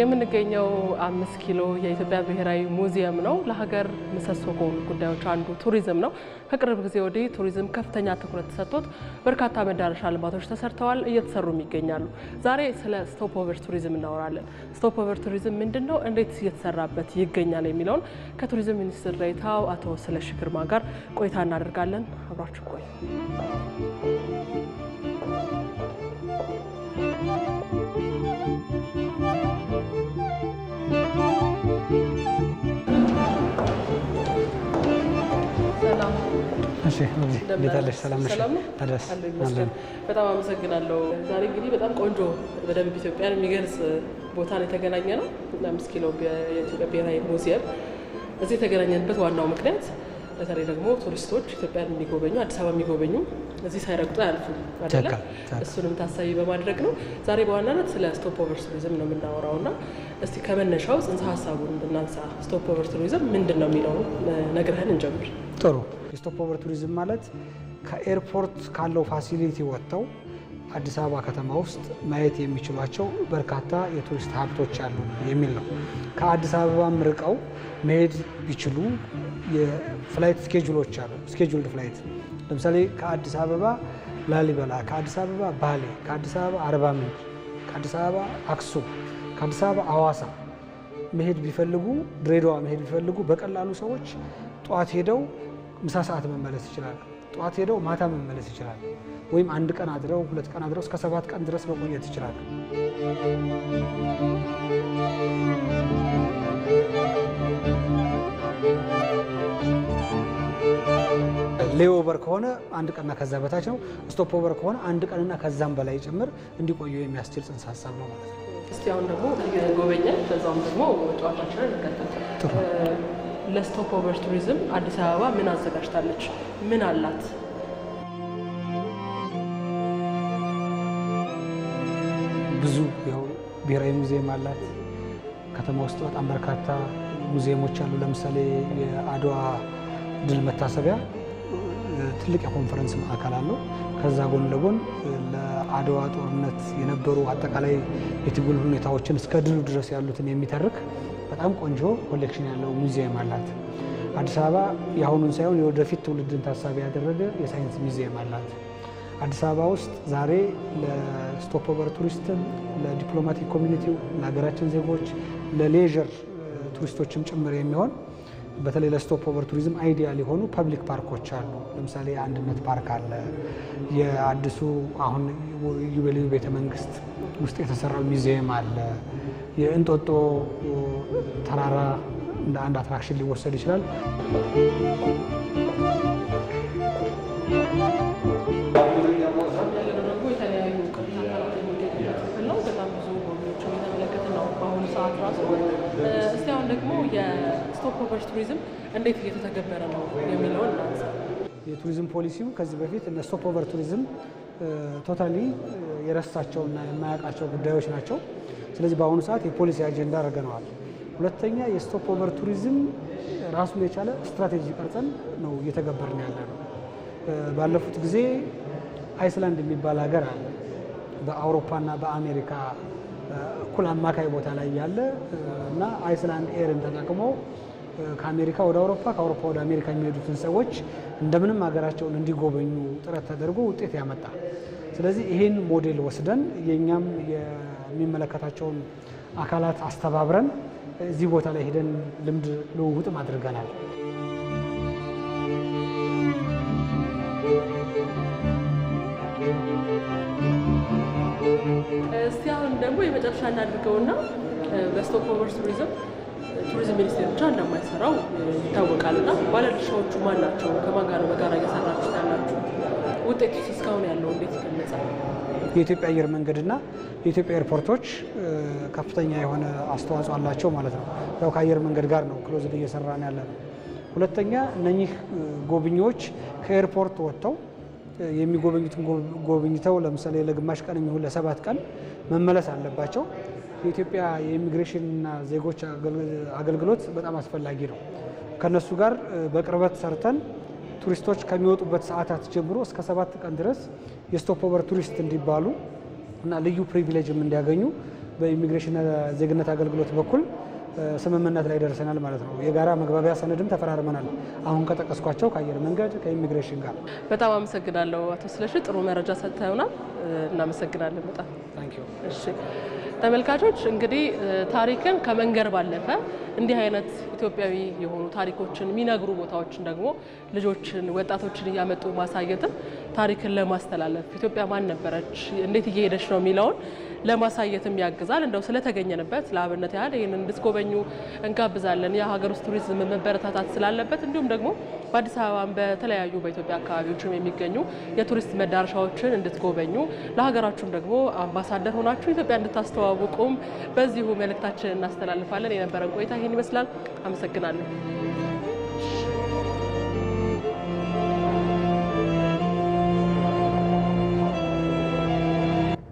የምንገኘው አምስት ኪሎ የኢትዮጵያ ብሔራዊ ሙዚየም ነው። ለሀገር ምሰሶ ከሆኑ ጉዳዮች አንዱ ቱሪዝም ነው። ከቅርብ ጊዜ ወዲህ ቱሪዝም ከፍተኛ ትኩረት ተሰጥቶት በርካታ መዳረሻ ልማቶች ተሰርተዋል፣ እየተሰሩም ይገኛሉ። ዛሬ ስለ ኦቨር ቱሪዝም እናወራለን። ስቶፕኦቨር ቱሪዝም ምንድን ነው? እንዴት እየተሰራበት ይገኛል? የሚለውን ከቱሪዝም ሚኒስትር ዴኤታው አቶ ስለሺ ግርማ ጋር ቆይታ እናደርጋለን። አብራችሁ ቆዩ። በጣም አመሰግናለሁ። ዛሬ እንግዲህ በጣም ቆንጆ በደንብ ኢትዮጵያን የሚገልጽ ቦታ ነው የተገናኘ ነው። አምስት ኪሎ የኢትዮጵያ ብሔራዊ ሙዚየም እዚህ የተገናኘንበት ዋናው ምክንያት በተለይ ደግሞ ቱሪስቶች ኢትዮጵያን የሚጎበኙ አዲስ አበባ የሚጎበኙ እዚህ ሳይረግጡ ያልፉ አይደለም። እሱንም ታሳቢ በማድረግ ነው ዛሬ በዋናነት ስለ ስቶፕ ኦቨር ቱሪዝም ነው የምናወራው እና እስቲ ከመነሻው ጽንሰ ሀሳቡን ብናንሳ ስቶፕ ኦቨር ቱሪዝም ምንድን ነው የሚለው ነግረህን እንጀምር። ጥሩ። የስቶፕ ኦቨር ቱሪዝም ማለት ከኤርፖርት ካለው ፋሲሊቲ ወጥተው አዲስ አበባ ከተማ ውስጥ ማየት የሚችሏቸው በርካታ የቱሪስት ሀብቶች አሉ የሚል ነው። ከአዲስ አበባም ርቀው መሄድ ቢችሉ የፍላይት ስኬጁሎች አሉ። ስኬጁልድ ፍላይት ለምሳሌ ከአዲስ አበባ ላሊበላ፣ ከአዲስ አበባ ባሌ፣ ከአዲስ አበባ አርባ ምንጭ፣ ከአዲስ አበባ አክሱም፣ ከአዲስ አበባ አዋሳ መሄድ ቢፈልጉ፣ ድሬዳዋ መሄድ ቢፈልጉ በቀላሉ ሰዎች ጠዋት ሄደው ምሳ ሰዓት መመለስ ይችላል። ጠዋት ሄደው ማታ መመለስ ይችላል። ወይም አንድ ቀን አድረው ሁለት ቀን አድረው እስከ ሰባት ቀን ድረስ መቆየት ይችላል። ሌይ ኦቨር ከሆነ አንድ ቀንና ከዛ በታች ነው። ስቶፕ ኦቨር ከሆነ አንድ ቀንና ከዛም በላይ ጭምር እንዲቆዩ የሚያስችል ጽንሰ ሀሳብ ነው ማለት ነው። እስቲ አሁን ደግሞ ጎበኛል፣ ከዛም ደግሞ ጨዋታችንን እንከታተል። ለስቶፕ ኦቨር ቱሪዝም አዲስ አበባ ምን አዘጋጅታለች? ምን አላት? ብዙ ያው ብሔራዊ ሙዚየም አላት። ከተማ ውስጥ በጣም በርካታ ሙዚየሞች አሉ። ለምሳሌ የአድዋ ድል መታሰቢያ ትልቅ የኮንፈረንስ ማዕከል አለው። ከዛ ጎን ለጎን ለአድዋ ጦርነት የነበሩ አጠቃላይ የትግል ሁኔታዎችን እስከ ድሉ ድረስ ያሉትን የሚተርክ በጣም ቆንጆ ኮሌክሽን ያለው ሙዚየም አላት። አዲስ አበባ የአሁኑን ሳይሆን የወደፊት ትውልድን ታሳቢ ያደረገ የሳይንስ ሙዚየም አላት። አዲስ አበባ ውስጥ ዛሬ ለስቶፖቨር ቱሪስትም፣ ለዲፕሎማቲክ ኮሚኒቲው፣ ለሀገራችን ዜጎች፣ ለሌዥር ቱሪስቶችም ጭምር የሚሆን በተለይ ለስቶፕ ኦቨር ቱሪዝም አይዲያል የሆኑ ፐብሊክ ፓርኮች አሉ። ለምሳሌ የአንድነት ፓርክ አለ። የአዲሱ አሁን ዩቤልዩ ቤተ መንግስት ውስጥ የተሰራው ሚዚየም አለ። የእንጦጦ ተራራ እንደ አንድ አትራክሽን ሊወሰድ ይችላል። የተለያዩ በጣም ብዙ ጎብኚዎች ነው በአሁኑ ሰዓት ራሱ ደግሞ ኦቨር ቱሪዝም እንዴት እየተተገበረ ነው የሚለውን የቱሪዝም ፖሊሲው ከዚህ በፊት እነ ስቶፕኦቨር ቱሪዝም ቶታሊ የረሳቸውና የማያውቃቸው ጉዳዮች ናቸው። ስለዚህ በአሁኑ ሰዓት የፖሊሲ አጀንዳ አድርገነዋል። ሁለተኛ ኦቨር ቱሪዝም ራሱን የቻለ ስትራቴጂ ቀርጸን ነው እየተገበርን ያለ ነው። ባለፉት ጊዜ አይስላንድ የሚባል ሀገር አለ በአውሮፓና በአሜሪካ እኩል አማካይ ቦታ ላይ ያለ እና አይስላንድ ኤርን ተጠቅሞ ከአሜሪካ ወደ አውሮፓ ከአውሮፓ ወደ አሜሪካ የሚሄዱትን ሰዎች እንደምንም ሀገራቸውን እንዲጎበኙ ጥረት ተደርጎ ውጤት ያመጣ። ስለዚህ ይህን ሞዴል ወስደን የእኛም የሚመለከታቸውን አካላት አስተባብረን እዚህ ቦታ ላይ ሄደን ልምድ ልውውጥም አድርገናል። Thank እስቲ አሁን ደግሞ የመጨረሻ እናድርገውና በስቶክሆልም ቱሪዝም ቱሪዝም ሚኒስቴር ብቻ እንደማይሰራው ይታወቃል። እና ባለድርሻዎቹ ማን ናቸው? ከማን ጋር ነው በጋራ እየሰራችሁ ያላችሁ? ውጤቱስ እስካሁን ያለው እንዴት ይገለጻል? የኢትዮጵያ አየር መንገድና የኢትዮጵያ ኤርፖርቶች ከፍተኛ የሆነ አስተዋጽኦ አላቸው ማለት ነው። ያው ከአየር መንገድ ጋር ነው ክሎዝድ እየሰራ ያለ ነው። ሁለተኛ እነኚህ ጎብኚዎች ከኤርፖርት ወጥተው የሚጎበኙትን ጎብኝተው ለምሳሌ ለግማሽ ቀን የሚሆን ለሰባት ቀን መመለስ አለባቸው። የኢትዮጵያ የኢሚግሬሽንና ዜጎች አገልግሎት በጣም አስፈላጊ ነው። ከነሱ ጋር በቅርበት ሰርተን ቱሪስቶች ከሚወጡበት ሰዓታት ጀምሮ እስከ ሰባት ቀን ድረስ የስቶፕኦቨር ቱሪስት እንዲባሉ እና ልዩ ፕሪቪሌጅም እንዲያገኙ በኢሚግሬሽንና ዜግነት አገልግሎት በኩል ስምምነት ላይ ደርሰናል ማለት ነው። የጋራ መግባቢያ ሰነድም ተፈራርመናል። አሁን ከጠቀስኳቸው ከአየር መንገድ ከኢሚግሬሽን ጋር። በጣም አመሰግናለሁ አቶ ስለሺ፣ ጥሩ መረጃ ሰጥተውናል። እናመሰግናለን በጣም እሺ። ተመልካቾች እንግዲህ ታሪክን ከመንገር ባለፈ እንዲህ አይነት ኢትዮጵያዊ የሆኑ ታሪኮችን የሚነግሩ ቦታዎችን ደግሞ ልጆችን፣ ወጣቶችን እያመጡ ማሳየትን ታሪክን ለማስተላለፍ ኢትዮጵያ ማን ነበረች፣ እንዴት እየሄደች ነው የሚለውን ለማሳየትም ያግዛል። እንደው ስለተገኘንበት ለአብነት ያህል ይህን እንድትጎበኙ እንጋብዛለን። የሀገር ውስጥ ቱሪዝም መበረታታት ስላለበት እንዲሁም ደግሞ በአዲስ አበባም በተለያዩ በኢትዮጵያ አካባቢዎችም የሚገኙ የቱሪስት መዳረሻዎችን እንድትጎበኙ ለሀገራችሁም ደግሞ አምባሳደር ሆናችሁ ኢትዮጵያ እንድታስተዋውቁም በዚሁ መልእክታችንን እናስተላልፋለን። የነበረን ቆይታ ይህን ይመስላል። አመሰግናለሁ።